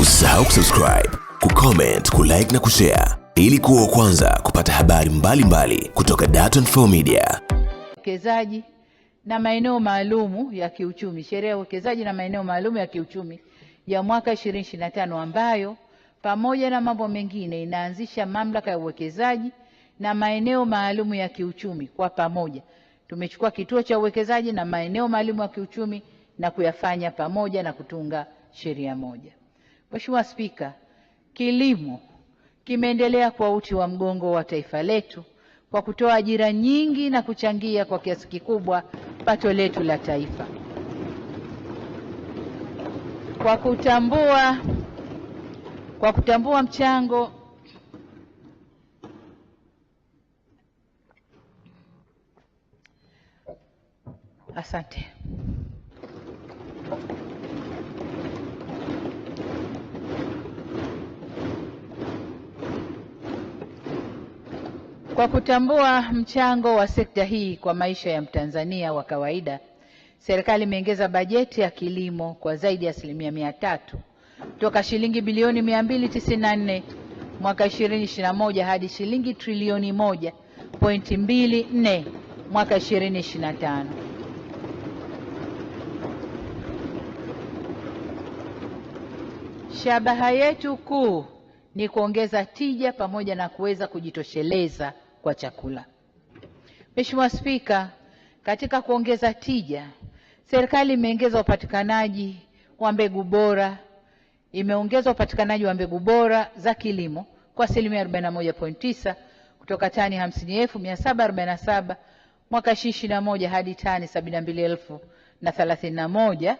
Usisahau kusubscribe, kucomment, kulike na kushare ili kuwa kwanza kupata habari mbalimbali mbali kutoka Dar24 Media. Wekezaji na maeneo maalumu ya kiuchumi, sheria ya uwekezaji na maeneo maalumu ya kiuchumi ya mwaka 2025 ambayo pamoja na mambo mengine inaanzisha mamlaka ya uwekezaji na maeneo maalumu ya kiuchumi kwa pamoja. Tumechukua kituo cha uwekezaji na maeneo maalumu ya kiuchumi na kuyafanya pamoja na kutunga sheria moja. Mheshimiwa Spika, kilimo kimeendelea kwa uti wa mgongo wa taifa letu kwa kutoa ajira nyingi na kuchangia kwa kiasi kikubwa pato letu la taifa. Kwa kutambua, kwa kutambua mchango Asante. Kwa kutambua mchango wa sekta hii kwa maisha ya Mtanzania wa kawaida, serikali imeongeza bajeti ya kilimo kwa zaidi ya asilimia mia tatu toka shilingi bilioni 294 mwaka 2021 hadi shilingi trilioni 1.24 mwaka 2025. Shabaha yetu kuu ni kuongeza tija pamoja na kuweza kujitosheleza kwa chakula. Mheshimiwa Spika, katika kuongeza tija, serikali imeongeza upatikanaji wa mbegu bora imeongeza upatikanaji wa mbegu bora za kilimo kwa asilimia 41.9 kutoka tani 50,747 mwaka 2021 hadi tani 72,031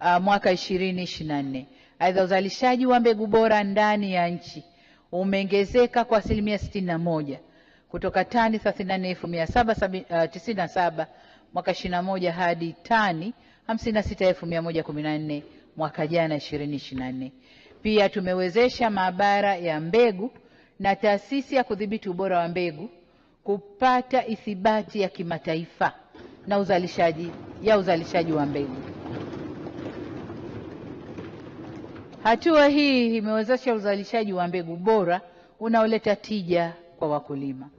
uh, mwaka 2024. Aidha, uzalishaji wa mbegu bora ndani ya nchi umeongezeka kwa asilimia 61 kutoka tani 34797 uh, mwaka 21 hadi tani 56114 mwaka jana 2024. Pia tumewezesha maabara ya mbegu na taasisi ya kudhibiti ubora wa mbegu kupata ithibati ya kimataifa na uzalishaji ya uzalishaji wa mbegu. Hatua hii imewezesha uzalishaji wa mbegu bora unaoleta tija kwa wakulima.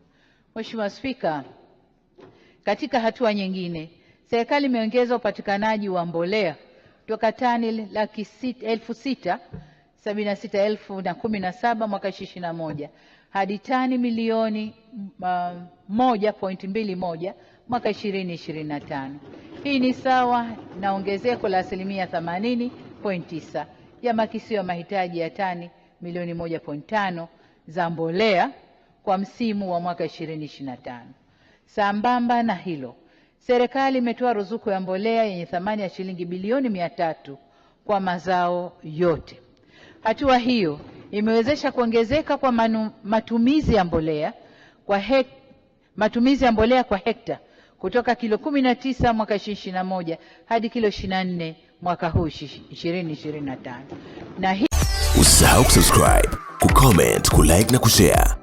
Mheshimiwa Spika, katika hatua nyingine, serikali imeongeza upatikanaji wa mbolea kutoka tani laki sita, elfu sita sabini na sita elfu na kumi na saba mwaka ishirini na moja hadi tani milioni uh, moja point mbili moja mwaka ishirini ishirini na tano. Hii ni sawa na ongezeko la asilimia themanini point tisa ya makisio ya mahitaji ya tani milioni moja point tano za mbolea kwa msimu wa mwaka 2025. Sambamba na hilo, serikali imetoa ruzuku ya mbolea yenye thamani ya shilingi bilioni mia tatu kwa mazao yote. Hatua hiyo imewezesha kuongezeka kwa manu, matumizi ya mbolea kwa hek, matumizi ya mbolea kwa hekta kutoka kilo 19 mwaka 2021 hadi kilo 24 mwaka huu 2025. Na hii usisahau kusubscribe, kucomment, kulike na kushare